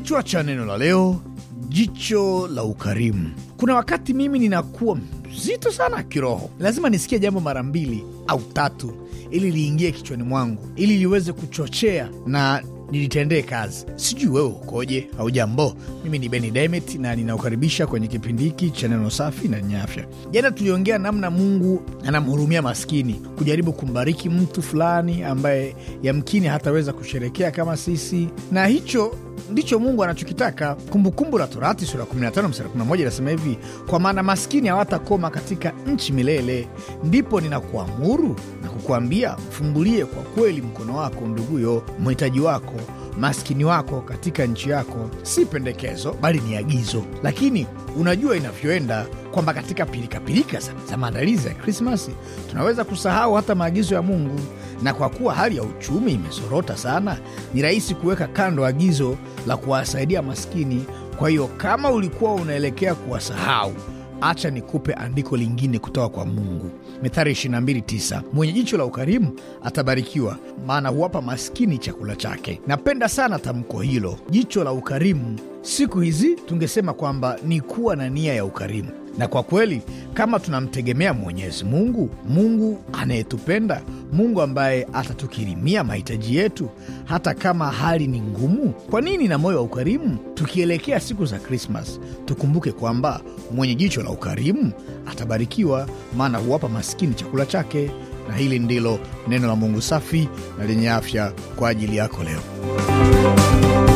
Kichwa cha neno la leo: jicho la ukarimu. Kuna wakati mimi ninakuwa mzito sana kiroho, lazima nisikie jambo mara mbili au tatu ili liingie kichwani mwangu, ili liweze kuchochea na nilitendee kazi. Sijui wewe ukoje au jambo. Mimi ni Beni Demet na ninakukaribisha kwenye kipindi hiki cha neno safi na nye afya. Jana tuliongea namna Mungu anamhurumia maskini, kujaribu kumbariki mtu fulani ambaye yamkini hataweza kusherekea kama sisi, na hicho ndicho Mungu anachokitaka. Kumbukumbu la Torati sura 15 11 inasema hivi, kwa maana maskini hawatakoma katika nchi milele, ndipo ninakuamuru na kukuambia, mfumbulie kwa kweli mkono wako nduguyo, mhitaji wako maskini wako katika nchi yako. Si pendekezo, bali ni agizo. Lakini unajua inavyoenda, kwamba katika pilikapilika za, za maandalizi ya Krismasi tunaweza kusahau hata maagizo ya Mungu, na kwa kuwa hali ya uchumi imesorota sana, ni rahisi kuweka kando agizo la kuwasaidia maskini. Kwa hiyo kama ulikuwa unaelekea kuwasahau Acha nikupe andiko lingine kutoka kwa Mungu, Mithali 22:9: mwenye jicho la ukarimu atabarikiwa, maana huwapa maskini chakula chake. Napenda sana tamko hilo, jicho la ukarimu. Siku hizi tungesema kwamba ni kuwa na nia ya ukarimu. Na kwa kweli kama tunamtegemea Mwenyezi Mungu, Mungu anayetupenda, Mungu ambaye atatukirimia mahitaji yetu hata kama hali ni ngumu, kwa nini na moyo wa ukarimu, tukielekea siku za Krismas tukumbuke kwamba mwenye jicho la ukarimu atabarikiwa, maana huwapa masikini chakula chake. Na hili ndilo neno la Mungu safi na lenye afya kwa ajili yako leo.